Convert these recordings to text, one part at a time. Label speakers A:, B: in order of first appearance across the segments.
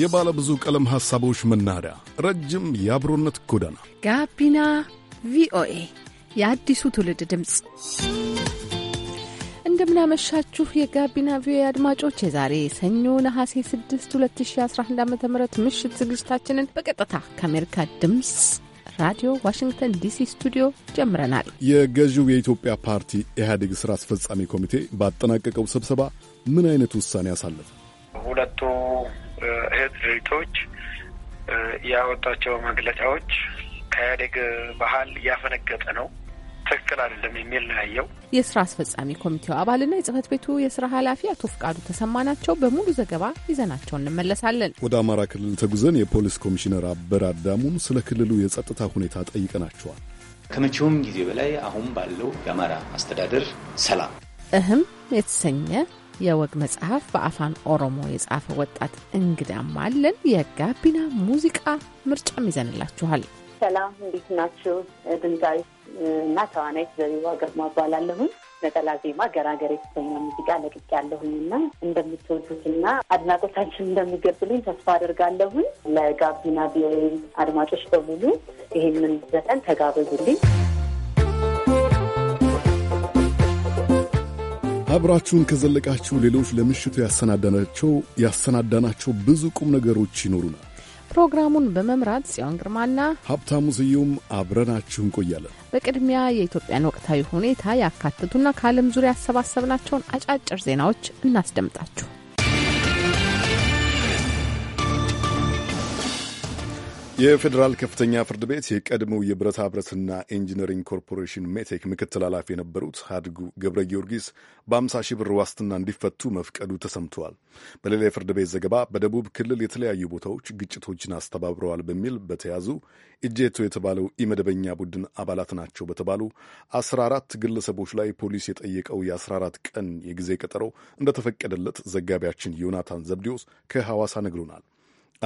A: የባለ ብዙ ቀለም ሐሳቦች መናኸሪያ፣ ረጅም የአብሮነት ጎዳና፣
B: ጋቢና ቪኦኤ የአዲሱ ትውልድ ድምፅ። እንደምናመሻችሁ የጋቢና ቪኦኤ አድማጮች፣ የዛሬ ሰኞ ነሐሴ 6 2011 ዓ ም ምሽት ዝግጅታችንን በቀጥታ ከአሜሪካ ድምፅ ራዲዮ ዋሽንግተን ዲሲ ስቱዲዮ ጀምረናል።
A: የገዢው የኢትዮጵያ ፓርቲ ኢህአዴግ ስራ አስፈጻሚ ኮሚቴ ባጠናቀቀው ስብሰባ ምን አይነት ውሳኔ አሳለፈ?
C: ሁለቱ እህት ድርጅቶች ያወጣቸው መግለጫዎች ከኢህአዴግ ባህል እያፈነገጠ ነው
A: ትክክል አይደለም
C: የሚል ነው ያየው።
B: የስራ አስፈጻሚ ኮሚቴው አባልና የጽህፈት ቤቱ የስራ ኃላፊ አቶ ፍቃዱ ተሰማ ናቸው። በሙሉ ዘገባ ይዘናቸው እንመለሳለን።
A: ወደ አማራ ክልል ተጉዘን የፖሊስ ኮሚሽነር አበር አዳሙን ስለ ክልሉ የጸጥታ ሁኔታ ጠይቀናቸዋል። ከመቼውም ጊዜ
D: በላይ አሁን ባለው የአማራ አስተዳደር ሰላም እህም የተሰኘ
B: የወግ መጽሐፍ በአፋን ኦሮሞ የጻፈ ወጣት እንግዳም አለን። የጋቢና ሙዚቃ ምርጫም ይዘንላችኋል።
E: ሰላም እንዴት ናችሁ? ድምፃዊ እና ተዋናይት ዘቢባ ግርማ እባላለሁኝ። ነጠላ ዜማ ገራገር የተሰኘ ሙዚቃ ያለሁኝ እና እንደምትወዱትና አድናቆታችን እንደሚገብልኝ ተስፋ አድርጋለሁኝ። ለጋቢና ቪኦኤ አድማጮች በሙሉ ይህንን ዘፈን ተጋበዙልኝ።
A: አብራችሁን ከዘለቃችሁ ሌሎች ለምሽቱ ያሰናዳናቸው ያሰናዳናቸው ብዙ ቁም ነገሮች ይኖሩናል።
B: ፕሮግራሙን በመምራት ጽዮን ግርማና
A: ሀብታሙ ስዩም አብረናችሁ እንቆያለን።
B: በቅድሚያ የኢትዮጵያን ወቅታዊ ሁኔታ ያካትቱና ከዓለም ዙሪያ ያሰባሰብናቸውን አጫጭር ዜናዎች እናስደምጣችሁ።
A: የፌዴራል ከፍተኛ ፍርድ ቤት የቀድሞው የብረታ ብረትና ኢንጂነሪንግ ኮርፖሬሽን ሜቴክ ምክትል ኃላፊ የነበሩት ሀድጉ ገብረ ጊዮርጊስ በ50 ሺህ ብር ዋስትና እንዲፈቱ መፍቀዱ ተሰምተዋል። በሌላ የፍርድ ቤት ዘገባ በደቡብ ክልል የተለያዩ ቦታዎች ግጭቶችን አስተባብረዋል በሚል በተያዙ እጄቶ የተባለው ኢመደበኛ ቡድን አባላት ናቸው በተባሉ 14 ግለሰቦች ላይ ፖሊስ የጠየቀው የ14 ቀን የጊዜ ቀጠሮ እንደተፈቀደለት ዘጋቢያችን ዮናታን ዘብዲዎስ ከሐዋሳ ነግሮናል።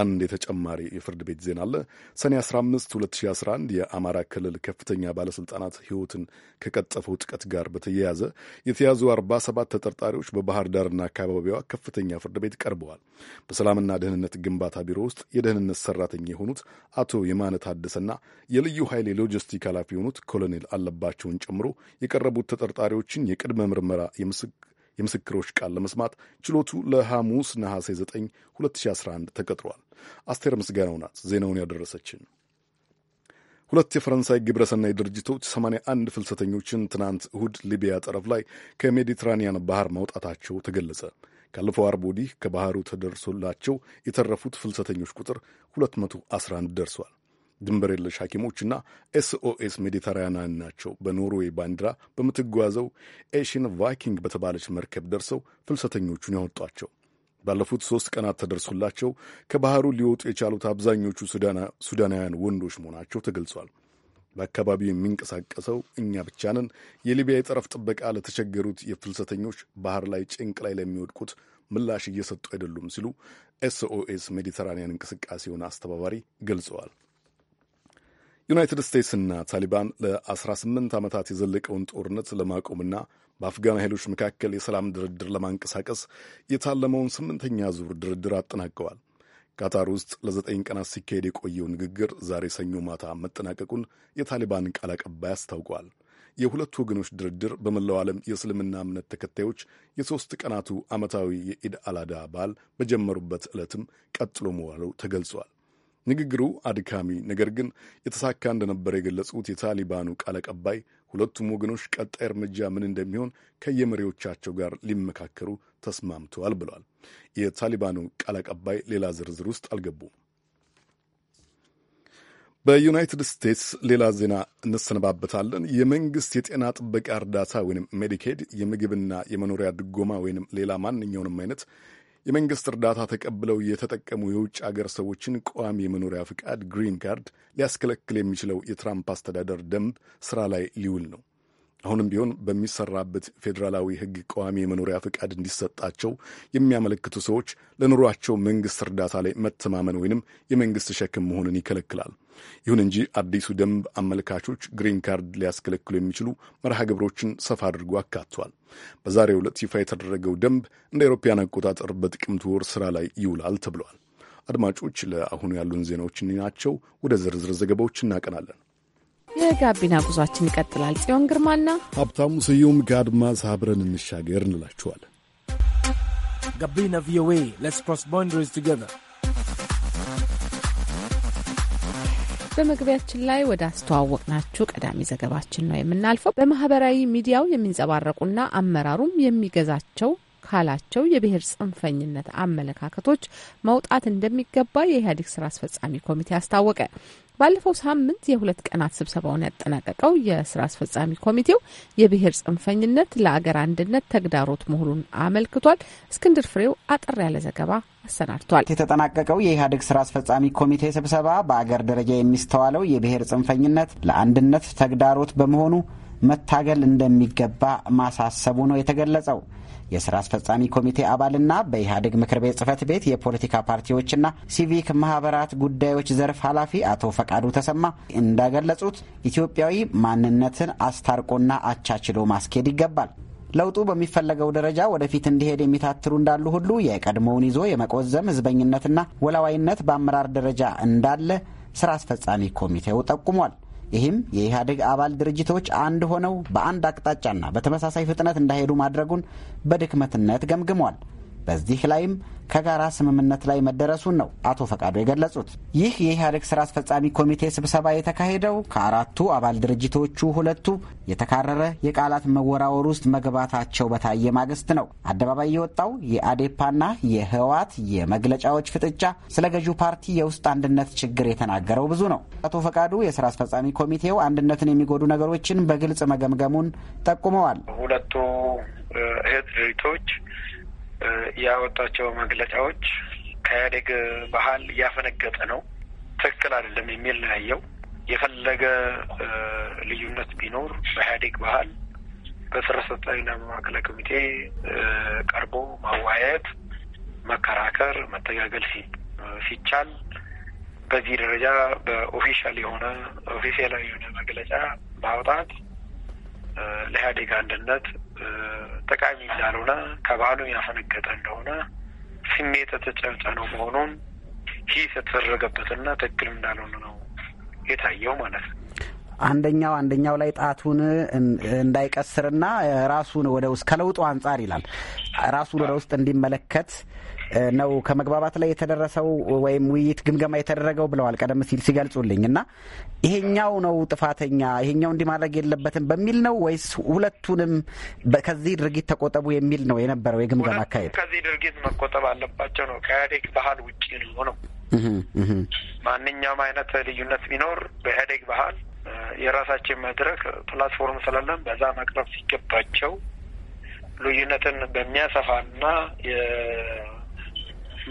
A: አንድ የተጨማሪ የፍርድ ቤት ዜና አለ። ሰኔ 15 2011 የአማራ ክልል ከፍተኛ ባለስልጣናት ሕይወትን ከቀጠፈው ጥቀት ጋር በተያያዘ የተያዙ 47 ተጠርጣሪዎች በባህር ዳርና አካባቢዋ ከፍተኛ ፍርድ ቤት ቀርበዋል። በሰላምና ደህንነት ግንባታ ቢሮ ውስጥ የደህንነት ሰራተኛ የሆኑት አቶ የማነ ታደሰና የልዩ ኃይል የሎጂስቲክ ኃላፊ የሆኑት ኮሎኔል አለባቸውን ጨምሮ የቀረቡት ተጠርጣሪዎችን የቅድመ ምርመራ የምስክ የምስክሮች ቃል ለመስማት ችሎቱ ለሐሙስ ነሐሴ 9 2011 ተቀጥሯል። አስቴር ምስጋናው ናት ዜናውን ያደረሰችን። ሁለት የፈረንሳይ ግብረሰናይ ድርጅቶች 81 ፍልሰተኞችን ትናንት እሁድ ሊቢያ ጠረፍ ላይ ከሜዲትራኒያን ባህር ማውጣታቸው ተገለጸ። ካለፈው አርብ ወዲህ ከባህሩ ተደርሶላቸው የተረፉት ፍልሰተኞች ቁጥር 211 ደርሷል። ድንበር የለሽ ሐኪሞችና ኤስኦኤስ ሜዲተራውያናን ናቸው በኖርዌይ ባንዲራ በምትጓዘው ኤሽን ቫይኪንግ በተባለች መርከብ ደርሰው ፍልሰተኞቹን ያወጧቸው። ባለፉት ሦስት ቀናት ተደርሶላቸው ከባሕሩ ሊወጡ የቻሉት አብዛኞቹ ሱዳናውያን ወንዶች መሆናቸው ተገልጿል። በአካባቢው የሚንቀሳቀሰው እኛ ብቻ ነን የሊቢያ የጠረፍ ጥበቃ ለተቸገሩት የፍልሰተኞች ባህር ላይ ጭንቅ ላይ ለሚወድቁት ምላሽ እየሰጡ አይደሉም ሲሉ ኤስኦኤስ ሜዲተራንያን እንቅስቃሴውን አስተባባሪ ገልጸዋል። ዩናይትድ ስቴትስና ታሊባን ለ18 ዓመታት የዘለቀውን ጦርነት ለማቆምና በአፍጋን ኃይሎች መካከል የሰላም ድርድር ለማንቀሳቀስ የታለመውን ስምንተኛ ዙር ድርድር አጠናቀዋል። ቃታር ውስጥ ለዘጠኝ ቀናት ሲካሄድ የቆየው ንግግር ዛሬ ሰኞ ማታ መጠናቀቁን የታሊባን ቃል አቀባይ አስታውቋል። የሁለቱ ወገኖች ድርድር በመላው ዓለም የእስልምና እምነት ተከታዮች የሦስት ቀናቱ ዓመታዊ የኢድ አላዳ በዓል በጀመሩበት ዕለትም ቀጥሎ መዋለው ተገልጿል። ንግግሩ አድካሚ ነገር ግን የተሳካ እንደነበረ የገለጹት የታሊባኑ ቃል አቀባይ ሁለቱም ወገኖች ቀጣይ እርምጃ ምን እንደሚሆን ከየመሪዎቻቸው ጋር ሊመካከሩ ተስማምተዋል ብለዋል። የታሊባኑ ቃል አቀባይ ሌላ ዝርዝር ውስጥ አልገቡም። በዩናይትድ ስቴትስ ሌላ ዜና እንሰነባበታለን። የመንግስት የጤና ጥበቃ እርዳታ ወይም ሜዲኬድ የምግብና የመኖሪያ ድጎማ ወይም ሌላ ማንኛውንም አይነት የመንግስት እርዳታ ተቀብለው የተጠቀሙ የውጭ አገር ሰዎችን ቋሚ የመኖሪያ ፍቃድ ግሪን ካርድ ሊያስከለክል የሚችለው የትራምፕ አስተዳደር ደንብ ስራ ላይ ሊውል ነው። አሁንም ቢሆን በሚሰራበት ፌዴራላዊ ሕግ ቋሚ የመኖሪያ ፈቃድ እንዲሰጣቸው የሚያመለክቱ ሰዎች ለኑሯቸው መንግስት እርዳታ ላይ መተማመን ወይንም የመንግስት ሸክም መሆንን ይከለክላል። ይሁን እንጂ አዲሱ ደንብ አመልካቾች ግሪን ካርድ ሊያስከለክሉ የሚችሉ መርሃ ግብሮችን ሰፋ አድርጎ አካቷል። በዛሬው ዕለት ይፋ የተደረገው ደንብ እንደ አውሮፓውያን አቆጣጠር በጥቅምት ወር ስራ ላይ ይውላል ተብሏል። አድማጮች፣ ለአሁኑ ያሉን ዜናዎች ናቸው። ወደ ዝርዝር ዘገባዎች እናቀናለን።
B: የጋቢና ጉዟችን ይቀጥላል። ጽዮን ግርማና
A: ሀብታሙ ስዩም ከአድማስ አብረን እንሻገር እንላችኋለን።
F: ጋቢና ቪኦኤ ሌትስ ክሮስ ቦንደሪስ ቱጌዘር
B: በመግቢያችን ላይ ወደ አስተዋወቅናችሁ ቀዳሚ ዘገባችን ነው የምናልፈው። በማህበራዊ ሚዲያው የሚንጸባረቁና አመራሩም የሚገዛቸው ካላቸው የብሔር ጽንፈኝነት አመለካከቶች መውጣት እንደሚገባ የኢህአዴግ ስራ አስፈጻሚ ኮሚቴ አስታወቀ። ባለፈው ሳምንት የሁለት ቀናት ስብሰባውን ያጠናቀቀው የስራ አስፈጻሚ ኮሚቴው የብሔር ጽንፈኝነት ለአገር አንድነት ተግዳሮት መሆኑን አመልክቷል። እስክንድር ፍሬው አጠር ያለ ዘገባ አሰናድቷል።
E: የተጠናቀቀው የኢህአዴግ ስራ አስፈጻሚ ኮሚቴ ስብሰባ በአገር ደረጃ የሚስተዋለው የብሔር ጽንፈኝነት ለአንድነት ተግዳሮት በመሆኑ መታገል እንደሚገባ ማሳሰቡ ነው የተገለጸው። የስራ አስፈጻሚ ኮሚቴ አባልና በኢህአዴግ ምክር ቤት ጽህፈት ቤት የፖለቲካ ፓርቲዎችና ሲቪክ ማህበራት ጉዳዮች ዘርፍ ኃላፊ አቶ ፈቃዱ ተሰማ እንዳገለጹት ኢትዮጵያዊ ማንነትን አስታርቆና አቻችሎ ማስኬድ ይገባል። ለውጡ በሚፈለገው ደረጃ ወደፊት እንዲሄድ የሚታትሩ እንዳሉ ሁሉ የቀድሞውን ይዞ የመቆዘም ህዝበኝነትና ወላዋይነት በአመራር ደረጃ እንዳለ ስራ አስፈጻሚ ኮሚቴው ጠቁሟል። ይህም የኢህአዴግ አባል ድርጅቶች አንድ ሆነው በአንድ አቅጣጫና በተመሳሳይ ፍጥነት እንዳይሄዱ ማድረጉን በድክመትነት ገምግሟል። በዚህ ላይም ከጋራ ስምምነት ላይ መደረሱን ነው አቶ ፈቃዱ የገለጹት። ይህ የኢህአዴግ ስራ አስፈጻሚ ኮሚቴ ስብሰባ የተካሄደው ከአራቱ አባል ድርጅቶቹ ሁለቱ የተካረረ የቃላት መወራወር ውስጥ መግባታቸው በታየ ማግስት ነው። አደባባይ የወጣው የአዴፓና የህወሓት የመግለጫዎች ፍጥጫ ስለ ገዢው ፓርቲ የውስጥ አንድነት ችግር የተናገረው ብዙ ነው። አቶ ፈቃዱ የስራ አስፈጻሚ ኮሚቴው አንድነትን የሚጎዱ ነገሮችን በግልጽ መገምገሙን ጠቁመዋል።
C: ሁለቱ እህት ድርጅቶች ያወጣቸው መግለጫዎች ከኢህአዴግ ባህል እያፈነገጠ ነው፣ ትክክል አይደለም የሚል ነው ያየው። የፈለገ ልዩነት ቢኖር በኢህአዴግ ባህል በስራ አስፈጻሚና ማዕከላዊ ኮሚቴ ቀርቦ ማዋየት፣ መከራከር፣ መተጋገል ሲቻል በዚህ ደረጃ በኦፊሻል የሆነ ኦፊሴላዊ የሆነ መግለጫ ማውጣት ለኢህአዴግ አንድነት ጠቃሚ እንዳልሆነ ከባህሉ ያፈነገጠ እንደሆነ ስሜት ነው መሆኑን ሂስ የተደረገበትና ትክክል እንዳልሆነ ነው የታየው ማለት ነው።
E: አንደኛው አንደኛው ላይ ጣቱን እንዳይቀስርና ራሱን ወደ ውስጥ ከለውጡ አንጻር ይላል ራሱን ወደ ውስጥ እንዲመለከት ነው ከመግባባት ላይ የተደረሰው ወይም ውይይት ግምገማ የተደረገው ብለዋል ቀደም ሲል ሲገልጹልኝ እና ይሄኛው ነው ጥፋተኛ ይሄኛው እንዲህ ማድረግ የለበትም በሚል ነው ወይስ ሁለቱንም ከዚህ ድርጊት ተቆጠቡ የሚል ነው የነበረው የግምገማ አካሄድ?
C: ከዚህ ድርጊት መቆጠብ አለባቸው ነው። ከኢህአዴግ ባህል ውጭ ነው ነው ማንኛውም አይነት ልዩነት ቢኖር በኢህአዴግ ባህል የራሳችን መድረክ ፕላትፎርም ስላለን በዛ መቅረብ ሲገባቸው ልዩነትን በሚያሰፋና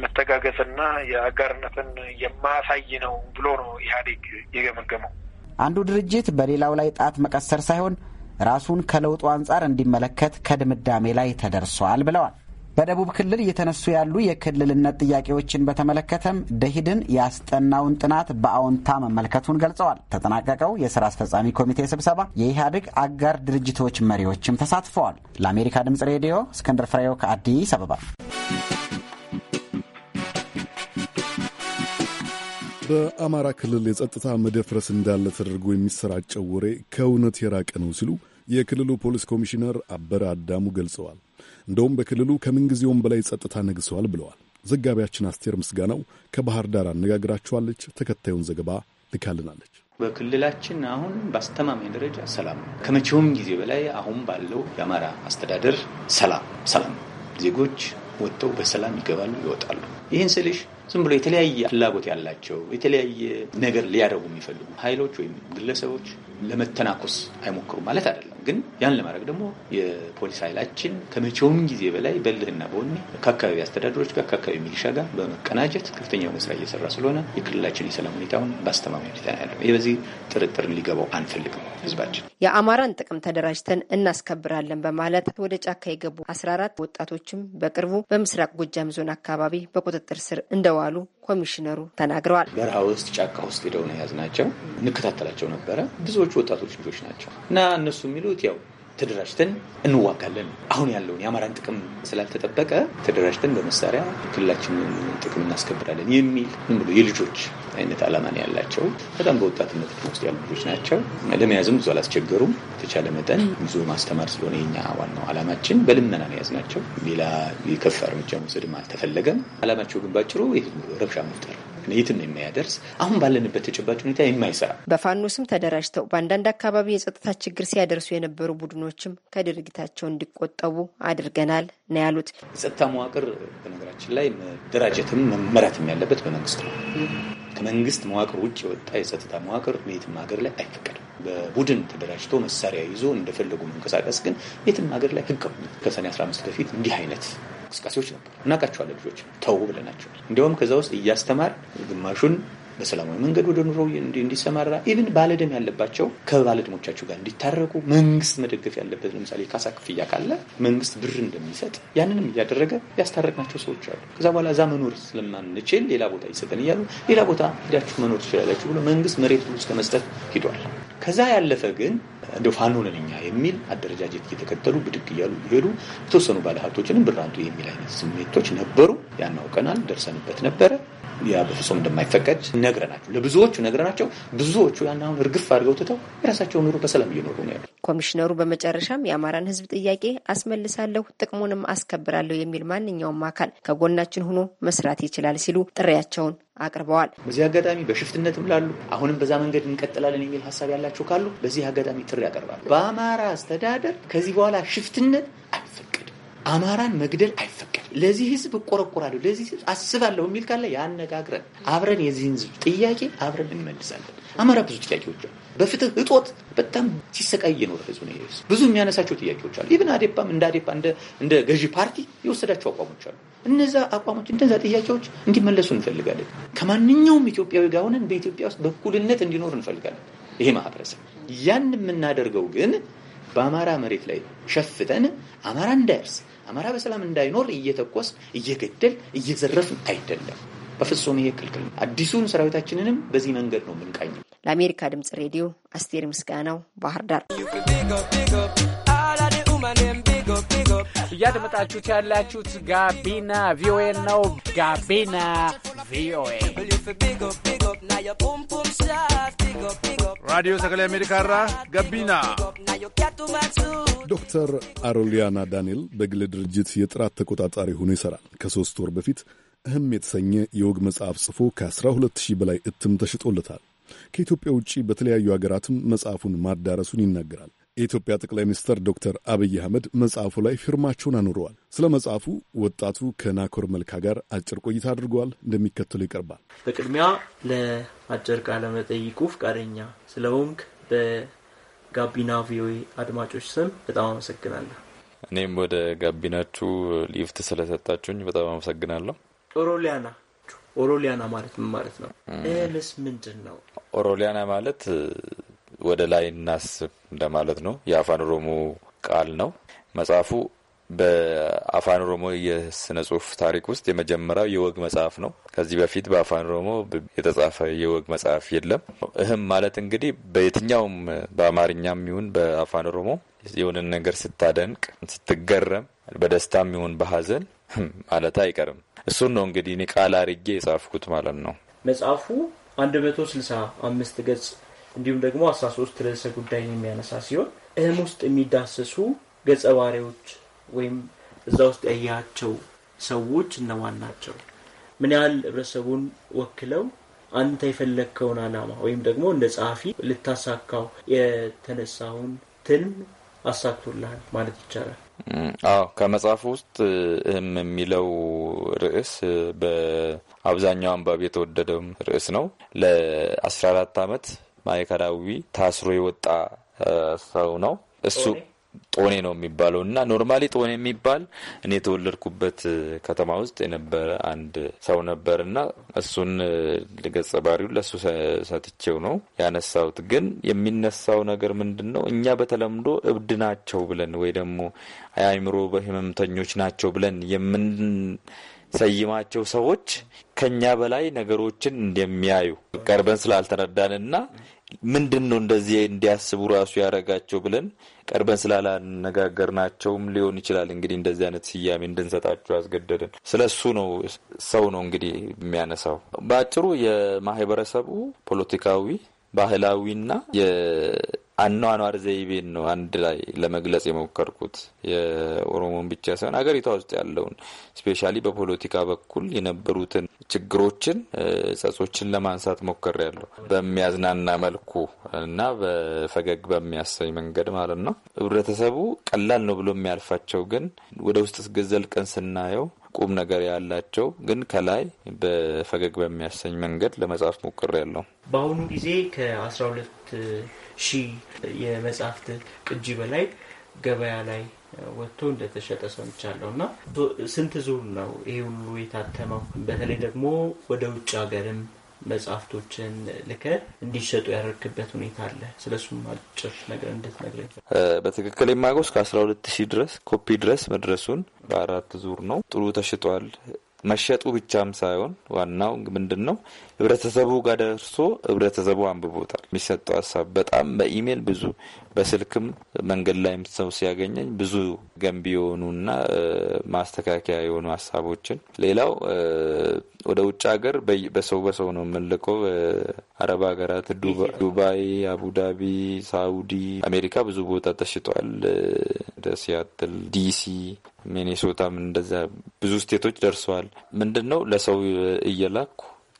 C: መተጋገዝና የአጋርነትን የማያሳይ ነው ብሎ ነው ኢህአዴግ የገመገመው።
E: አንዱ ድርጅት በሌላው ላይ ጣት መቀሰር ሳይሆን ራሱን ከለውጡ አንጻር እንዲመለከት ከድምዳሜ ላይ ተደርሷል ብለዋል። በደቡብ ክልል እየተነሱ ያሉ የክልልነት ጥያቄዎችን በተመለከተም ደሂድን ያስጠናውን ጥናት በአዎንታ መመልከቱን ገልጸዋል። ተጠናቀቀው የስራ አስፈጻሚ ኮሚቴ ስብሰባ የኢህአዴግ አጋር ድርጅቶች መሪዎችም ተሳትፈዋል። ለአሜሪካ ድምጽ ሬዲዮ እስክንድር ፍሬው ከአዲስ አበባ
A: በአማራ ክልል የጸጥታ መደፍረስ እንዳለ ተደርጎ የሚሰራጨው ወሬ ከእውነት የራቀ ነው ሲሉ የክልሉ ፖሊስ ኮሚሽነር አበረ አዳሙ ገልጸዋል። እንደውም በክልሉ ከምንጊዜውም በላይ ጸጥታ ነግሰዋል ብለዋል። ዘጋቢያችን አስቴር ምስጋናው ከባህር ዳር አነጋግራችኋለች። ተከታዩን ዘገባ ልካልናለች።
D: በክልላችን አሁን በአስተማማኝ ደረጃ ሰላም ነው። ከመቼውም ጊዜ በላይ አሁን ባለው የአማራ አስተዳደር ሰላም ሰላም ዜጎች ወጥተው በሰላም ይገባሉ፣ ይወጣሉ። ይህን ስልሽ ዝም ብሎ የተለያየ ፍላጎት ያላቸው የተለያየ ነገር ሊያደርጉ የሚፈልጉ ኃይሎች ወይም ግለሰቦች ለመተናኮስ አይሞክሩም ማለት አይደለም። ግን ያን ለማድረግ ደግሞ የፖሊስ ኃይላችን ከመቼውም ጊዜ በላይ በልህና በወኔ ከአካባቢ አስተዳደሮች ጋር ከአካባቢ ሚሊሻ ጋር በመቀናጀት ከፍተኛ የሆነ ስራ እየሰራ ስለሆነ የክልላችን የሰላም ሁኔታውን በአስተማማኝ ሁኔታ ነው ያለው። በዚህ ጥርጥር ሊገባው አንፈልግም። ህዝባችን
B: የአማራን ጥቅም ተደራጅተን እናስከብራለን በማለት ወደ ጫካ የገቡ አስራ አራት ወጣቶችም በቅርቡ በምስራቅ ጎጃም ዞን አካባቢ በቁጥጥር ስር እንደው እንደዋሉ ኮሚሽነሩ
D: ተናግረዋል። በረሃ ውስጥ ጫካ ውስጥ ሄደው ነው የያዝናቸው። እንከታተላቸው ነበረ። ብዙዎቹ ወጣቶች ልጆች ናቸው እና እነሱ የሚሉት ያው ተደራጅተን እንዋጋለን። አሁን ያለውን የአማራን ጥቅም ስላልተጠበቀ ተደራጅተን በመሳሪያ ክልላችንን ጥቅም እናስከብራለን የሚል ዝም ብሎ የልጆች አይነት አላማ ነው ያላቸው። በጣም በወጣትነት ውስጥ ያሉ ልጆች ናቸው። ለመያዝም ብዙ አላስቸገሩም። የተቻለ መጠን ይዞ ማስተማር ስለሆነ የኛ ዋናው አላማችን በልመና ነው የያዝናቸው። ሌላ የከፋ እርምጃ መውሰድም አልተፈለገም። አላማቸው ግን ባጭሩ ረብሻ መፍጠር የትም የማያደርስ አሁን ባለንበት ተጨባጭ ሁኔታ የማይሰራ
B: በፋኖ ስም ተደራጅተው በአንዳንድ አካባቢ የጸጥታ ችግር ሲያደርሱ የነበሩ ቡድኖችም ከድርጊታቸው እንዲቆጠቡ አድርገናል ነው ያሉት። የጸጥታ
D: መዋቅር በነገራችን ላይ መደራጀትም መመራትም ያለበት በመንግስት ነው። ከመንግስት መዋቅር ውጭ የወጣ የጸጥታ መዋቅር በየትም ሀገር ላይ አይፈቀድም። በቡድን ተደራጅቶ መሳሪያ ይዞ እንደፈለጉ መንቀሳቀስ ግን የትም ሀገር ላይ ህግ ከሰኔ 15 በፊት እንዲህ አይነት እንቅስቃሴዎች ነበሩ። እናውቃቸዋለን። ልጆች ተው ብለናቸው እንዲሁም ከዛ ውስጥ እያስተማር ግማሹን በሰላማዊ መንገድ ወደ ኑሮ እንዲሰማራ ኢቭን ባለደም ያለባቸው ከባለደሞቻቸው ጋር እንዲታረቁ መንግስት መደገፍ ያለበት ለምሳሌ ካሳ ክፍያ ካለ መንግስት ብር እንደሚሰጥ ያንንም እያደረገ ያስታረቅናቸው ሰዎች አሉ። ከዛ በኋላ እዛ መኖር ስለማንችል ሌላ ቦታ ይሰጠን እያሉ ሌላ ቦታ ሄዳችሁ መኖር ትችላላችሁ ብሎ መንግስት መሬት ሁሉ እስከ መስጠት ሂዷል። ከዛ ያለፈ ግን እንደ ፋኖ ነን እኛ የሚል አደረጃጀት እየተከተሉ ብድግ እያሉ እየሄዱ የተወሰኑ ባለሀብቶችንም ብራንቱ የሚል አይነት ስሜቶች ነበሩ። ያን አውቀናል፣ ደርሰንበት ነበረ። ያ በፍጹም እንደማይፈቀድ ነግረናቸው ለብዙዎቹ ነግረናቸው ብዙዎቹ ያን አሁን እርግፍ አድርገው ትተው የራሳቸውን ኑሮ በሰላም እየኖሩ ነው ያሉ። ኮሚሽነሩ
B: በመጨረሻም የአማራን ሕዝብ ጥያቄ አስመልሳለሁ፣ ጥቅሙንም አስከብራለሁ የሚል ማንኛውም አካል ከጎናችን ሆኖ መስራት ይችላል ሲሉ ጥሪያቸውን አቅርበዋል።
D: በዚህ አጋጣሚ በሽፍትነትም ላሉ አሁንም በዛ መንገድ እንቀጥላለን የሚል ሀሳብ ያላቸው ካሉ በዚህ አጋጣሚ ጥሪ ያቀርባሉ። በአማራ አስተዳደር ከዚህ በኋላ ሽፍትነት አይፈ አማራን መግደል አይፈቀድም። ለዚህ ህዝብ እቆረቆራለሁ፣ ለዚህ ህዝብ አስባለሁ የሚል ካለ ያነጋግረን። አብረን የዚህን ህዝብ ጥያቄ አብረን እንመልሳለን። አማራ ብዙ ጥያቄዎች አሉ። በፍትህ እጦት በጣም ሲሰቃይ እየኖረ ህዝብ ነው። ብዙ የሚያነሳቸው ጥያቄዎች አሉ። ኢብን አዴፓም እንደ አዴፓ እንደ ገዢ ፓርቲ የወሰዳቸው አቋሞች አሉ። እነዛ አቋሞች፣ እነዛ ጥያቄዎች እንዲመለሱ እንፈልጋለን። ከማንኛውም ኢትዮጵያዊ ጋር ሆነን በኢትዮጵያ ውስጥ በእኩልነት እንዲኖር እንፈልጋለን። ይሄ ማህበረሰብ ያን የምናደርገው ግን በአማራ መሬት ላይ ሸፍተን አማራ እንዳያርስ አማራ በሰላም እንዳይኖር እየተኮስ እየገደል እየዘረፍን አይደለም። በፍጹም ይሄ ክልክል ነው። አዲሱን ሰራዊታችንንም በዚህ መንገድ ነው የምንቃኝ።
B: ለአሜሪካ ድምጽ ሬዲዮ አስቴር ምስጋናው ባህር ዳር።
E: እያደመጣችሁት ያላችሁት ጋቢና ቪኦኤ ነው። ጋቢና
G: ቪኦኤ raadiyoo አሜሪካ ራ ገቢና
A: ዶክተር አሮሊያና ዳንኤል በግል ድርጅት የጥራት ተቆጣጣሪ ሆኖ ይሠራል። ከሦስት ወር በፊት እህም የተሰኘ የወግ መጽሐፍ ጽፎ ከ12000 በላይ እትም ተሽጦለታል። ከኢትዮጵያ ውጭ በተለያዩ ሀገራትም መጽሐፉን ማዳረሱን ይናገራል። የኢትዮጵያ ጠቅላይ ሚኒስትር ዶክተር አብይ አህመድ መጽሐፉ ላይ ፊርማቸውን አኑረዋል። ስለ መጽሐፉ ወጣቱ ከናኮር መልካ ጋር አጭር ቆይታ አድርገዋል። እንደሚከተሉ ይቀርባል።
H: በቅድሚያ ለአጭር ቃለ መጠይቁ ፍቃደኛ ስለሆንክ በጋቢና ቪኦኤ አድማጮች ስም በጣም አመሰግናለሁ።
I: እኔም ወደ ጋቢናችሁ ሊፍት ስለሰጣችሁኝ በጣም አመሰግናለሁ።
H: ኦሮሊያና ኦሮሊያና ማለት ምን ማለት ነው? ምስ ምንድን ነው?
I: ኦሮሊያና ማለት ወደ ላይ እናስብ እንደማለት ነው። የአፋን ኦሮሞ ቃል ነው መጽሐፉ። በአፋን ኦሮሞ የስነ ጽሁፍ ታሪክ ውስጥ የመጀመሪያው የወግ መጽሐፍ ነው። ከዚህ በፊት በአፋን ኦሮሞ የተጻፈ የወግ መጽሐፍ የለም። እህም ማለት እንግዲህ በየትኛውም በአማርኛም ይሁን በአፋን ኦሮሞ የሆነን ነገር ስታደንቅ፣ ስትገረም፣ በደስታም ይሁን በሀዘን ማለት አይቀርም። እሱን ነው እንግዲህ እኔ ቃል አርጌ የጻፍኩት ማለት ነው።
H: መጽሐፉ አንድ መቶ ስልሳ አምስት ገጽ እንዲሁም ደግሞ አስራ ሶስት ርዕሰ ጉዳይን የሚያነሳ ሲሆን እህም ውስጥ የሚዳሰሱ ገጸ ባሪዎች ወይም እዛ ውስጥ ያያቸው ሰዎች እነማን ናቸው? ምን ያህል ህብረተሰቡን ወክለው አንተ የፈለግከውን አላማ ወይም ደግሞ እንደ ጸሐፊ ልታሳካው የተነሳውን ትልም አሳክቶልሃል ማለት ይቻላል።
I: አዎ ከመጽሐፉ ውስጥ እህም የሚለው ርዕስ በአብዛኛው አንባቢ የተወደደውም ርዕስ ነው። ለአስራ አራት ዓመት ማዕከላዊ ታስሮ የወጣ ሰው ነው እሱ ጦኔ ነው የሚባለው እና ኖርማሊ ጦኔ የሚባል እኔ የተወለድኩበት ከተማ ውስጥ የነበረ አንድ ሰው ነበር እና እሱን ልገጸ ባህሪውን ለእሱ ሰትቼው ነው ያነሳሁት። ግን የሚነሳው ነገር ምንድን ነው? እኛ በተለምዶ እብድ ናቸው ብለን ወይ ደግሞ የአእምሮ ህመምተኞች ናቸው ብለን የምንሰይማቸው ሰዎች ከኛ በላይ ነገሮችን እንደሚያዩ ቀርበን ስላልተረዳንና ምንድን ነው እንደዚህ እንዲያስቡ ራሱ ያደረጋቸው ብለን ቀርበን ስላላነጋገርናቸውም ሊሆን ይችላል። እንግዲህ እንደዚህ አይነት ስያሜ እንድንሰጣቸው ያስገደደን ስለ እሱ ነው። ሰው ነው እንግዲህ የሚያነሳው። በአጭሩ የማህበረሰቡ ፖለቲካዊ ባህላዊና አኗኗር ዘይቤን ነው አንድ ላይ ለመግለጽ የሞከርኩት የኦሮሞን ብቻ ሳይሆን አገሪቷ ውስጥ ያለውን ስፔሻሊ በፖለቲካ በኩል የነበሩትን ችግሮችን፣ ጸጾችን ለማንሳት ሞከር ያለው በሚያዝናና መልኩ እና በፈገግ በሚያሰኝ መንገድ ማለት ነው። ህብረተሰቡ ቀላል ነው ብሎ የሚያልፋቸው ግን ወደ ውስጥ ቀን ስናየው ቁም ነገር ያላቸው ግን ከላይ በፈገግ በሚያሰኝ መንገድ ለመጻፍ ሞክሬ ያለው
H: በአሁኑ ጊዜ ከአስራ ሁለት ሺ የመጽሐፍት ቅጂ በላይ ገበያ ላይ ወጥቶ እንደተሸጠ ሰምቻለሁ። እና ስንት ዙር ነው ይህ ሁሉ የታተመው? በተለይ ደግሞ ወደ ውጭ ሀገርም መጽሐፍቶችን ልከ እንዲሸጡ ያደርግበት ሁኔታ አለ። ስለሱም አጭር ነገር እንድትነግረኝ።
I: በትክክል የማውቀው እስከ አስራ ሁለት ሺህ ድረስ ኮፒ ድረስ መድረሱን በአራት ዙር ነው ጥሩ ተሽጧል መሸጡ ብቻም ሳይሆን ዋናው ምንድን ነው ህብረተሰቡ ጋር ደርሶ ህብረተሰቡ አንብቦታል። የሚሰጠው ሀሳብ በጣም በኢሜል ብዙ በስልክም መንገድ ላይም ሰው ሲያገኘኝ ብዙ ገንቢ የሆኑና ማስተካከያ የሆኑ ሀሳቦችን ሌላው ወደ ውጭ ሀገር በሰው በሰው ነው የምንልቀው። አረብ ሀገራት ዱባይ፣ አቡዳቢ፣ ሳውዲ፣ አሜሪካ ብዙ ቦታ ተሽጧል። ወደ ሲያትል፣ ዲሲ፣ ሚኔሶታም እንደዚያ ብዙ ስቴቶች ደርሰዋል። ምንድን ነው ለሰው እየላኩ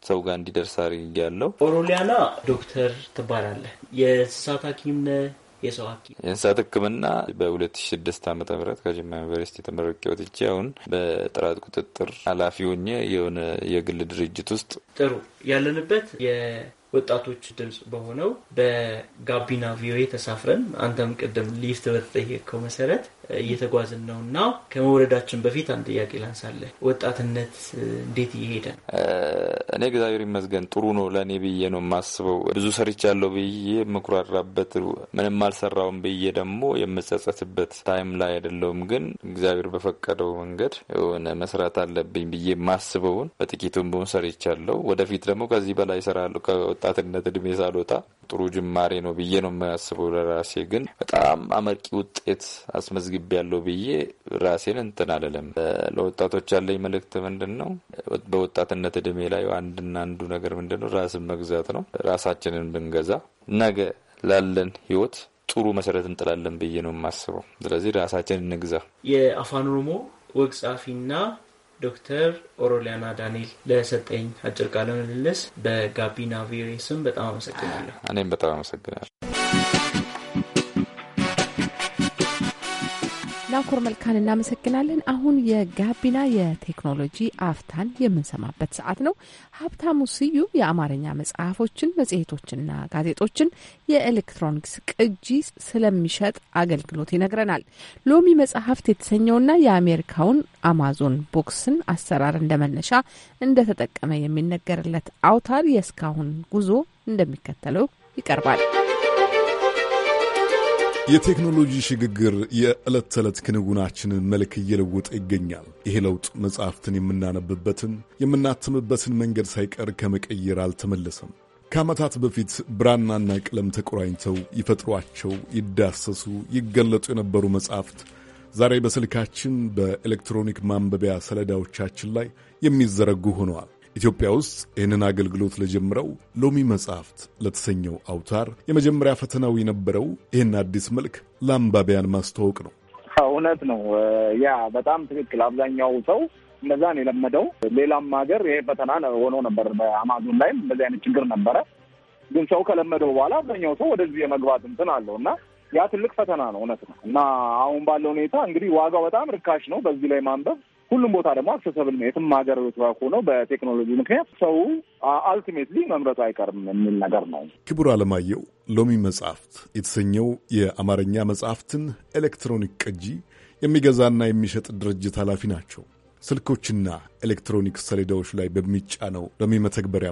I: ሰው ጋር እንዲደርስ አድርጊያለሁ።
H: ኦሮሊያና ዶክተር ትባላለህ፣ የእንስሳት ሐኪም ነህ የሰው ሐኪም
I: የእንስሳት ሕክምና በ2006 ም ከጅማ ዩኒቨርሲቲ ተመርቄ ወጥቼ አሁን በጥራት ቁጥጥር ኃላፊ ሆኜ የሆነ የግል ድርጅት ውስጥ
H: ጥሩ ያለንበት ወጣቶች ድምጽ በሆነው በጋቢና ቪኦኤ ተሳፍረን አንተም ቅድም ሊፍት በተጠየቀው መሰረት እየተጓዝን ነው እና ከመውረዳችን በፊት አንድ ጥያቄ ላንሳለህ። ወጣትነት እንዴት እየሄደ ነው?
I: እኔ እግዚአብሔር ይመስገን ጥሩ ነው ለእኔ ብዬ ነው የማስበው። ብዙ ሰርቻለሁ ብዬ የምኩራራበት፣ ምንም አልሰራውም ብዬ ደግሞ የምጸጸትበት ታይም ላይ አይደለውም። ግን እግዚአብሔር በፈቀደው መንገድ የሆነ መስራት አለብኝ ብዬ የማስበውን በጥቂቱም ብሆን ሰርቻለሁ። ወደፊት ደግሞ ከዚህ በላይ እሰራለሁ። ወጣትነት እድሜ ሳልወጣ ጥሩ ጅማሬ ነው ብዬ ነው የማያስበው። ለራሴ ግን በጣም አመርቂ ውጤት አስመዝግቢ ያለው ብዬ ራሴን እንትን አለለም። ለወጣቶች ያለኝ መልእክት ምንድን ነው? በወጣትነት እድሜ ላይ አንድና አንዱ ነገር ምንድን ነው? ራስን መግዛት ነው። ራሳችንን ብንገዛ ነገ ላለን ህይወት ጥሩ መሰረት እንጥላለን ብዬ ነው የማስበው። ስለዚህ ራሳችንን እንግዛ።
H: የአፋን ኦሮሞ ወግ ዶክተር ኦሮሊያና ዳንኤል ለሰጠኝ አጭር ቃለ ምልልስ በጋቢና ቪሬ ስም በጣም አመሰግናለሁ።
I: እኔም በጣም አመሰግናለሁ።
B: ናኮር መልካን እናመሰግናለን። አሁን የጋቢና የቴክኖሎጂ አፍታን የምንሰማበት ሰዓት ነው። ሀብታሙ ስዩም የአማርኛ መጽሐፎችን፣ መጽሔቶችና ጋዜጦችን የኤሌክትሮኒክስ ቅጂ ስለሚሸጥ አገልግሎት ይነግረናል። ሎሚ መጽሐፍት የተሰኘውና የአሜሪካውን አማዞን ቦክስን አሰራር እንደመነሻ እንደተጠቀመ የሚነገርለት አውታር የእስካሁን ጉዞ እንደሚከተለው ይቀርባል።
A: የቴክኖሎጂ ሽግግር የዕለት ተዕለት ክንውናችንን መልክ እየለወጠ ይገኛል። ይሄ ለውጥ መጽሐፍትን የምናነብበትን የምናትምበትን መንገድ ሳይቀር ከመቀየር አልተመለሰም። ከዓመታት በፊት ብራናና ቀለም ተቆራኝተው ይፈጥሯቸው፣ ይዳሰሱ፣ ይገለጡ የነበሩ መጽሐፍት ዛሬ በስልካችን በኤሌክትሮኒክ ማንበቢያ ሰሌዳዎቻችን ላይ የሚዘረጉ ሆነዋል። ኢትዮጵያ ውስጥ ይህንን አገልግሎት ለጀምረው ሎሚ መጽሐፍት ለተሰኘው አውታር የመጀመሪያ ፈተናው የነበረው ይህን አዲስ መልክ ለአንባቢያን ማስተዋወቅ ነው።
F: እውነት ነው። ያ በጣም ትክክል። አብዛኛው ሰው እነዛን የለመደው ሌላም ሀገር ይሄ ፈተና ሆኖ ነበር። በአማዞን ላይም እንደዚህ አይነት ችግር ነበረ። ግን ሰው ከለመደው በኋላ አብዛኛው ሰው ወደዚህ የመግባት እንትን አለው እና ያ ትልቅ ፈተና ነው። እውነት ነው። እና አሁን ባለው ሁኔታ እንግዲህ ዋጋው በጣም ርካሽ ነው። በዚህ ላይ ማንበብ ሁሉም ቦታ ደግሞ አክሰሰብል ነው። የትም ሀገር ሆነው በቴክኖሎጂ ምክንያት ሰው አልቲሜትሊ መምረቱ አይቀርም የሚል
A: ነገር ነው። ክቡር አለማየሁ ሎሚ መጽሐፍት የተሰኘው የአማርኛ መጽሐፍትን ኤሌክትሮኒክ ቅጂ የሚገዛና የሚሸጥ ድርጅት ኃላፊ ናቸው። ስልኮችና ኤሌክትሮኒክ ሰሌዳዎች ላይ በሚጫነው ረሚ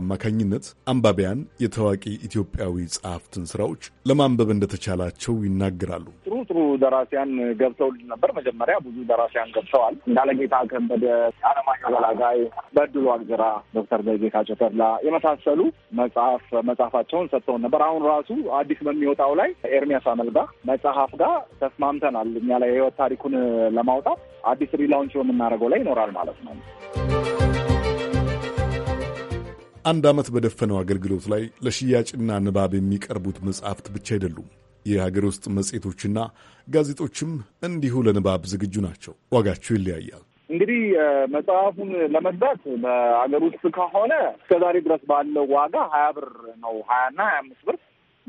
A: አማካኝነት አንባቢያን የታዋቂ ኢትዮጵያዊ ጸሐፍትን ስራዎች ለማንበብ እንደተቻላቸው ይናገራሉ።
F: ጥሩ ጥሩ ደራሲያን ገብተውልን ነበር። መጀመሪያ ብዙ ደራሲያን ገብተዋል። እንዳለጌታ ከበደ፣ አለማየሁ በላጋይ፣ በድሉ አግዝራ፣ ዶክተር ዘጌታ ጨፈላ የመሳሰሉ መጽሐፍ መጽሐፋቸውን ሰጥተውን ነበር። አሁን ራሱ አዲስ በሚወጣው ላይ ኤርሚያስ አመልጋ መጽሐፍ ጋር ተስማምተናል። እኛ ላይ የህይወት ታሪኩን ለማውጣት አዲስ ሪላውንች የምናደርገው ላይ ይኖራል ማለት ነው።
A: አንድ ዓመት በደፈነው አገልግሎት ላይ ለሽያጭና ንባብ የሚቀርቡት መጽሐፍት ብቻ አይደሉም። የሀገር ውስጥ መጽሔቶችና ጋዜጦችም እንዲሁ ለንባብ ዝግጁ ናቸው። ዋጋቸው ይለያያል።
F: እንግዲህ መጽሐፉን ለመግዛት በሀገር ውስጥ ከሆነ እስከዛሬ ድረስ ባለው ዋጋ ሀያ ብር ነው። ሀያና ሀያ አምስት ብር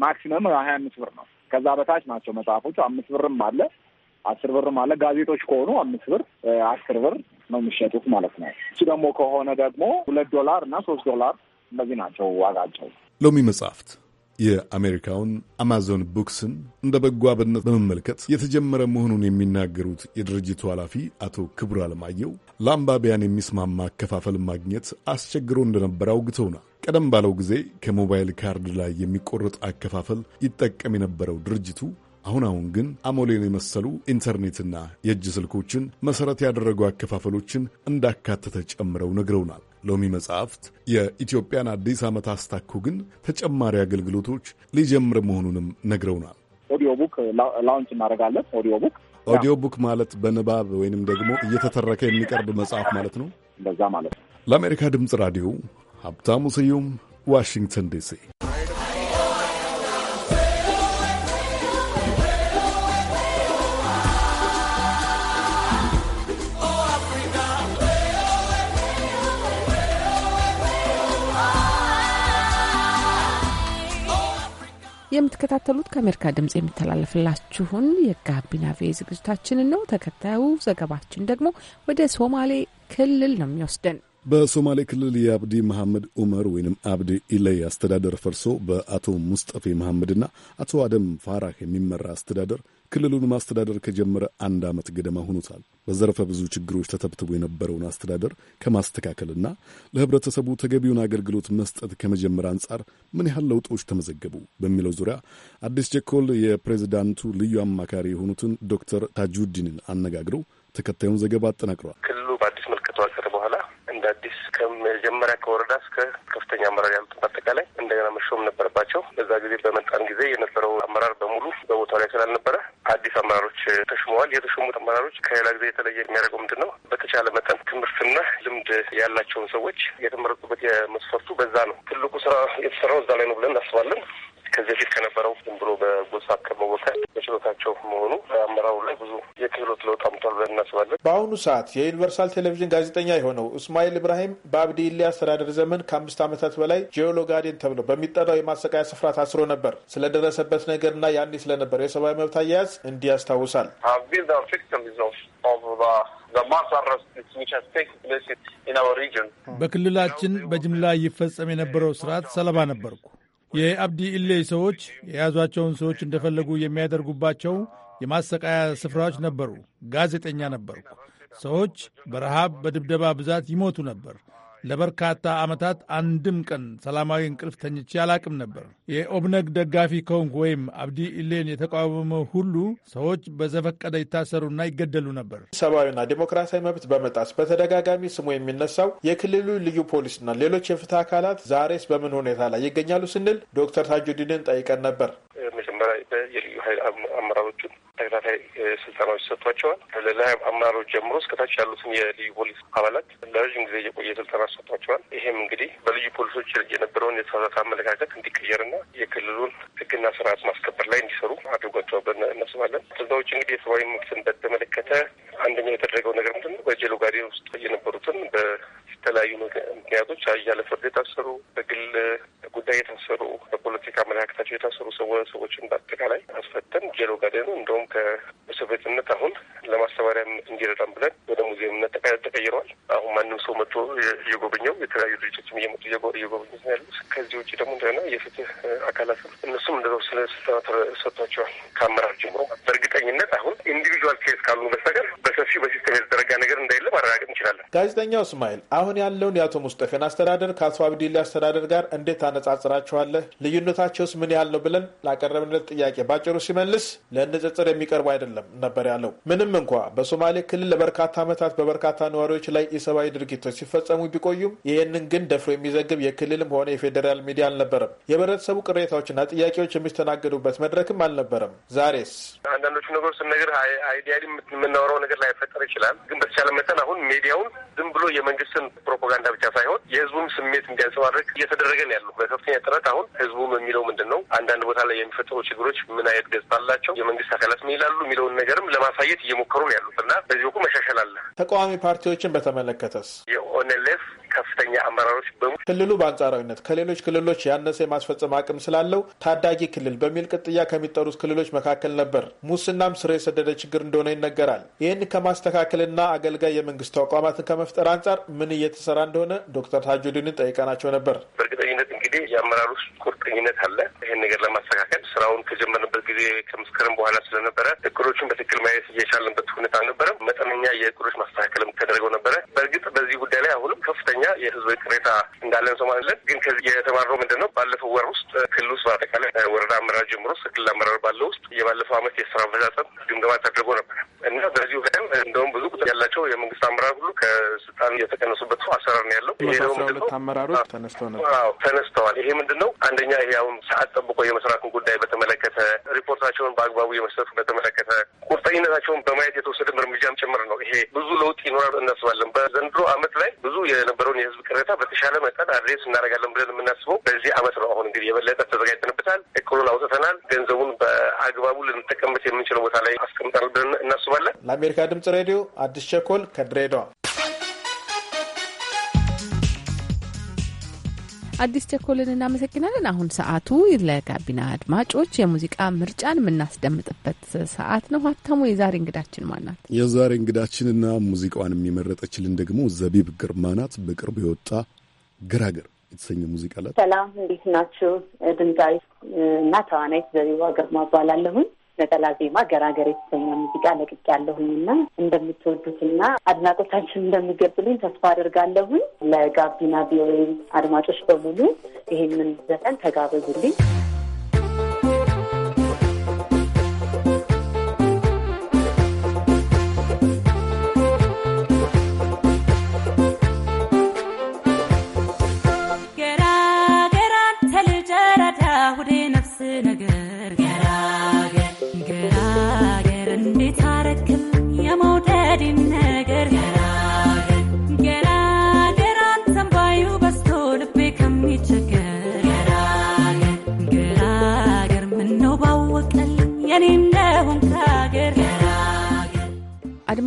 F: ማክሲመም ሀያ አምስት ብር ነው። ከዛ በታች ናቸው መጽሐፎቹ። አምስት ብርም አለ አስር ብርም አለ። ጋዜጦች ከሆኑ አምስት ብር፣ አስር ብር፣ ነው የሚሸጡት ማለት ነው። እሱ ደግሞ ከሆነ ደግሞ ሁለት ዶላር እና ሶስት ዶላር እነዚህ ናቸው ዋጋቸው።
A: ሎሚ መጽሐፍት የአሜሪካውን አማዞን ቡክስን እንደ በጎ አብነት በመመልከት የተጀመረ መሆኑን የሚናገሩት የድርጅቱ ኃላፊ አቶ ክቡር አለማየሁ ለአንባቢያን የሚስማማ አከፋፈል ማግኘት አስቸግሮ እንደነበረ አውግተውናል። ቀደም ባለው ጊዜ ከሞባይል ካርድ ላይ የሚቆረጥ አከፋፈል ይጠቀም የነበረው ድርጅቱ አሁን አሁን ግን አሞሌን የመሰሉ ኢንተርኔትና የእጅ ስልኮችን መሠረት ያደረጉ አከፋፈሎችን እንዳካተተ ጨምረው ነግረውናል። ሎሚ መጽሐፍት የኢትዮጵያን አዲስ ዓመት አስታኮ ግን ተጨማሪ አገልግሎቶች ሊጀምር መሆኑንም ነግረውናል።
F: ኦዲዮ ቡክ ላውንች እናደርጋለን።
A: ኦዲዮ ቡክ ኦዲዮ ቡክ ማለት በንባብ ወይንም ደግሞ እየተተረከ የሚቀርብ መጽሐፍ ማለት ነው። እንደዛ ማለት ነው። ለአሜሪካ ድምፅ ራዲዮ ሀብታሙ ስዩም ዋሽንግተን ዲሲ
B: የምትከታተሉት ከአሜሪካ ድምጽ የሚተላለፍላችሁን የጋቢና ቪ ዝግጅታችንን ነው። ተከታዩ ዘገባችን ደግሞ ወደ ሶማሌ ክልል ነው የሚወስደን።
A: በሶማሌ ክልል የአብዲ መሐመድ ኡመር ወይም አብዲ ኢለይ አስተዳደር ፈርሶ በአቶ ሙስጠፌ መሐመድና አቶ አደም ፋራህ የሚመራ አስተዳደር ክልሉን ማስተዳደር ከጀመረ አንድ ዓመት ገደማ ሆኖታል። በዘርፈ ብዙ ችግሮች ተተብትቦ የነበረውን አስተዳደር ከማስተካከልና ለህብረተሰቡ ተገቢውን አገልግሎት መስጠት ከመጀመር አንጻር ምን ያህል ለውጦች ተመዘገቡ በሚለው ዙሪያ አዲስ ቸኮል የፕሬዚዳንቱ ልዩ አማካሪ የሆኑትን ዶክተር ታጁዲንን አነጋግረው ተከታዩን ዘገባ አጠናቅረዋል።
J: ክልሉ በአዲስ መልክ ከተዋቀረ እንደ አዲስ ከመጀመሪያ ከወረዳ እስከ ከፍተኛ አመራር ያሉትን በአጠቃላይ እንደገና መሾም ነበረባቸው። በዛ ጊዜ በመጣን ጊዜ የነበረው አመራር በሙሉ በቦታው ላይ ስላልነበረ አዲስ አመራሮች ተሽመዋል። የተሾሙት አመራሮች ከሌላ ጊዜ የተለየ የሚያደርገው ምንድን ነው? በተቻለ መጠን ትምህርትና ልምድ ያላቸውን ሰዎች የተመረጡበት የመስፈርቱ በዛ ነው። ትልቁ ስራ የተሰራው እዛ ላይ ነው ብለን እናስባለን። ከዚህ በፊት ከነበረው ዝም ብሎ በጎሳ ከመወከል በችሎታቸው መሆኑ አመራሩ ላይ ብዙ የክህሎት ለውጥ አምቷል ብለን እናስባለን።
G: በአሁኑ ሰዓት የዩኒቨርሳል ቴሌቪዥን ጋዜጠኛ የሆነው እስማኤል ኢብራሂም በአብዲ ኢሌ አስተዳደር ዘመን ከአምስት ዓመታት በላይ ጂኦሎ ጋዴን ተብሎ በሚጠራው የማሰቃያ ስፍራ ታስሮ ነበር። ስለደረሰበት ነገርና ያኔ ስለነበረው የሰብአዊ መብት አያያዝ እንዲህ ያስታውሳል። uh, በክልላችን በጅምላ ይፈጸም የነበረው ስርዓት ሰለባ ነበርኩ። የአብዲ ኢሌይ ሰዎች የያዟቸውን ሰዎች እንደፈለጉ የሚያደርጉባቸው የማሰቃያ ስፍራዎች ነበሩ። ጋዜጠኛ ነበርኩ። ሰዎች በረሃብ በድብደባ ብዛት ይሞቱ ነበር። ለበርካታ ዓመታት አንድም ቀን ሰላማዊ እንቅልፍ ተኝቼ አላቅም ነበር። የኦብነግ ደጋፊ ከሆንኩ ወይም አብዲ ኢሌን የተቃወመ ሁሉ ሰዎች በዘፈቀደ ይታሰሩና ይገደሉ ነበር። ሰብአዊና ዲሞክራሲያዊ መብት በመጣስ በተደጋጋሚ ስሙ የሚነሳው የክልሉ ልዩ ፖሊስና ሌሎች የፍትህ አካላት ዛሬስ በምን ሁኔታ ላይ ይገኛሉ ስንል ዶክተር ታጁዲንን ጠይቀን ነበር።
J: መጀመሪያ የልዩ ኃይል ተከታታይ ስልጠናዎች ሰጥቷቸዋል። ለላይ አመራሮች ጀምሮ እስከታች ያሉትን የልዩ ፖሊስ አባላት ለረዥም ጊዜ የቆየ ስልጠና ሰጥቷቸዋል። ይሄም እንግዲህ በልዩ ፖሊሶች የነበረውን የተሳሳተ አመለካከት እንዲቀየርና የክልሉን ሕግና ስርዓት ማስከበር ላይ እንዲሰሩ አድርጓቸዋል ብለን እናስባለን። እንግዲህ የሰብአዊ መብትን በተመለከተ አንደኛው የተደረገው ነገር ምንድን ነው? በጀሎ ጋርዲን ውስጥ የነበሩትን በተለያዩ ምክንያቶች ያለ ፍርድ የታሰሩ በግል ጉዳይ የታሰሩ በፖለቲካ አመለካከታቸው የታሰሩ ሰዎችን በአጠቃላይ አስፈተን ጀሎ ጋርዲኑ እንደውም ከእስር አሁን ለማስተባሪያ እንዲረዳም ብለን ወደ ሙዚየምነት ተቀይረዋል። አሁን ማንም ሰው መጥቶ እየጎበኘው የተለያዩ ድርጅቶችም እየመጡ እየጎበኙት ያሉት። ከዚህ ውጭ ደግሞ እንደገና የፍትህ አካላት እነሱም እንደዛው ስለ ስልጠና ተሰጥቷቸዋል ከአመራር ጀምሮ። በእርግጠኝነት
G: አሁን ኢንዲቪጁዋል ኬስ ካሉ በስተቀር በሰፊው በሲስተም የተደረጋ ነገር እንዳይለ ማረጋገጥ እንችላለን። ጋዜጠኛው እስማኤል አሁን ያለውን የአቶ ሙስጠፌን አስተዳደር ከአቶ አብዲሌ አስተዳደር ጋር እንዴት አነጻጽራቸዋለህ? ልዩነታቸውስ ምን ያህል ነው ብለን ላቀረብንለት ጥያቄ ባጭሩ ሲመልስ ለንጽጽር የሚ የሚቀርቡ አይደለም ነበር ያለው። ምንም እንኳ በሶማሌ ክልል ለበርካታ ዓመታት በበርካታ ነዋሪዎች ላይ ኢሰብአዊ ድርጊቶች ሲፈጸሙ ቢቆዩም ይህንን ግን ደፍሮ የሚዘግብ የክልልም ሆነ የፌዴራል ሚዲያ አልነበረም። የህብረተሰቡ ቅሬታዎችና ጥያቄዎች የሚስተናገዱበት መድረክም አልነበረም። ዛሬስ አንዳንዶቹ ነገሮች
J: ስነገር አይዲያ የምናወራው ነገር ላይፈጠር ይችላል። ግን በተቻለ መጠን አሁን ሚዲያውን ዝም ብሎ የመንግስትን ፕሮፓጋንዳ ብቻ ሳይሆን የህዝቡም ስሜት እንዲያንጸባርቅ እየተደረገ ነው ያለው በከፍተኛ ጥረት። አሁን ህዝቡ የሚለው ምንድን ነው? አንዳንድ ቦታ ላይ የሚፈጠሩ ችግሮች ምን አይነት ገጽታ አላቸው? የመንግስት አካላት ይላሉ የሚለውን ነገርም ለማሳየት እየሞከሩ ነው ያሉት እና በዚህ በኩል መሻሻል አለ።
G: ተቃዋሚ ፓርቲዎችን በተመለከተስ
J: የኦንልፍ
G: ከፍተኛ አመራሮች በሙ ክልሉ በአንጻራዊነት ከሌሎች ክልሎች ያነሰ የማስፈጸም አቅም ስላለው ታዳጊ ክልል በሚል ቅጥያ ከሚጠሩት ክልሎች መካከል ነበር። ሙስናም ስር የሰደደ ችግር እንደሆነ ይነገራል። ይህን ከማስተካከልና አገልጋይ የመንግስት ተቋማትን ከመፍጠር አንጻር ምን እየተሰራ እንደሆነ ዶክተር ታጁዲንን ጠይቀናቸው ነበር።
J: በእርግጠኝነት የአመራር ውስጥ ቁርጠኝነት አለ። ይህን ነገር ለማስተካከል ስራውን ከጀመርንበት ጊዜ ከመስከረም በኋላ ስለነበረ እቅዶችን በትክክል ማየት እየቻለንበት ሁኔታ አልነበረም። መጠነኛ የእቅዶች ማስተካከልም ተደርገው ነበረ። በእርግጥ በዚህ ጉዳይ ላይ አሁንም ከፍተኛ የህዝብ ቅሬታ እንዳለን ሰው ማለት ግን ከዚህ የተማርነው ምንድን ነው? ባለፈው ወር ውስጥ ክልል ውስጥ በአጠቃላይ ወረዳ አመራር ጀምሮ እስከ ክልል አመራር ባለው ውስጥ የባለፈው አመት የስራ አፈጻጸም ግምገማ ተደርጎ ነበር እና በዚሁ ላይም እንደውም ብዙ ቁጥር ያላቸው የመንግስት አመራር ሁሉ
G: ከስልጣን የተቀነሱበት ሰው አሰራር
J: ነው ያለው። ይሄ
G: አመራሮች ተነስተው ነው?
J: ተነስተዋል። ይሄ ምንድን ነው? አንደኛ ይሄ አሁን ሰዓት ጠብቆ የመስራቱን ጉዳይ በተመለከተ ሪፖርታቸውን በአግባቡ የመስጠቱ በተመለከተ ቁርጠኝነታቸውን በማየት የተወሰደም እርምጃም ጭምር ነው። ይሄ ብዙ ለውጥ ይኖራል እናስባለን። በዘንድሮ አመት ላይ ብዙ የነበረውን የህዝብ ቅሬታ በተሻለ መጠን አድሬስ እናደርጋለን ብለን የምናስበው በዚህ አመት ነው። አሁን እንግዲህ የበለጠ ተዘጋጅተንበታል። እቅሉን አውጥተናል። ገንዘቡን በአግባቡ ልንጠቀምበት የምንችለው ቦታ ላይ አስቀምጠናል
G: ብለን እናስባለን። ለአሜሪካ ድምጽ ሬዲዮ አዲስ ቸኮል ከድሬዳዋ
B: አዲስ ቸኮልን እናመሰግናለን። አሁን ሰዓቱ ለጋቢና አድማጮች የሙዚቃ ምርጫን የምናስደምጥበት ሰዓት ነው። ሀብታሙ፣ የዛሬ እንግዳችን ማናት?
A: የዛሬ እንግዳችንና ሙዚቃዋን የሚመረጠችልን ደግሞ ዘቢብ ግርማ ናት። በቅርቡ የወጣ ገራገር የተሰኘ ሙዚቃ ላት።
E: ሰላም፣ እንዴት ናችሁ? ድምፃዊ እና ተዋናይት ዘቢባ ግርማ እባላለሁኝ። ነጠላ ዜማ ገራገር የተሰኘ ሙዚቃ ለቅቅ ያለሁኝ እና እንደምትወዱትና አድናቆታችን እንደሚገብሉኝ ተስፋ አድርጋለሁኝ። ለጋቢና ቪኦኤ አድማጮች በሙሉ ይህንን ዘፈን ተጋበዙልኝ።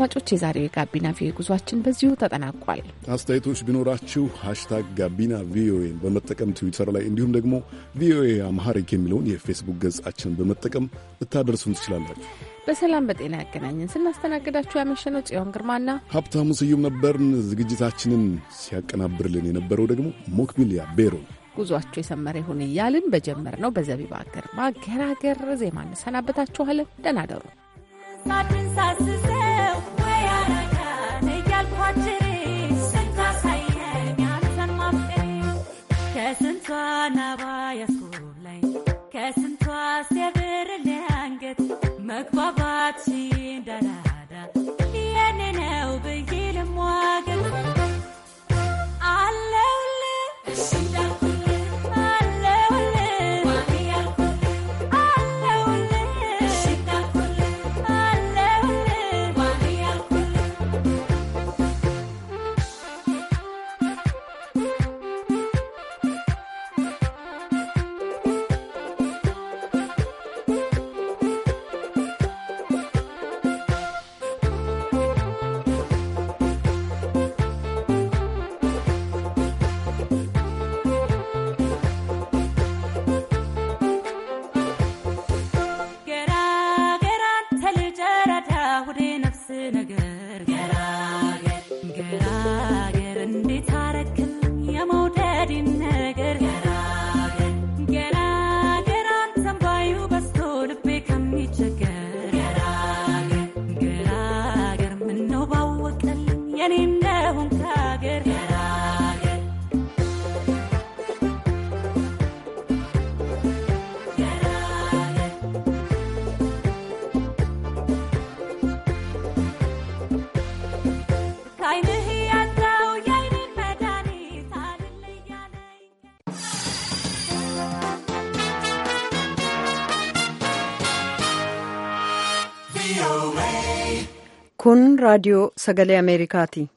B: አድማጮች የዛሬው የጋቢና ቪኦኤ ጉዟችን በዚሁ ተጠናቋል።
A: አስተያየቶች ቢኖራችሁ ሃሽታግ ጋቢና ቪኦኤን በመጠቀም ትዊተር ላይ እንዲሁም ደግሞ ቪኦኤ አምሃሪክ የሚለውን የፌስቡክ ገጻችን በመጠቀም ልታደርሱን ትችላላችሁ።
B: በሰላም በጤና ያገናኘን። ስናስተናግዳችሁ ያመሸነው ጽዮን ግርማና
A: ሀብታሙ ስዩም ነበርን። ዝግጅታችንን ሲያቀናብርልን የነበረው ደግሞ ሞክቢልያ ቤሮ
B: ጉዟቸው የሰመረ ይሁን እያልን በጀመር ነው በዘቢባ ገርማ ገራገር ዜማ እንሰናበታችኋለን። ደህና ደሩ።
K: Guanabayas.
B: radio sagalee Ameerikaati.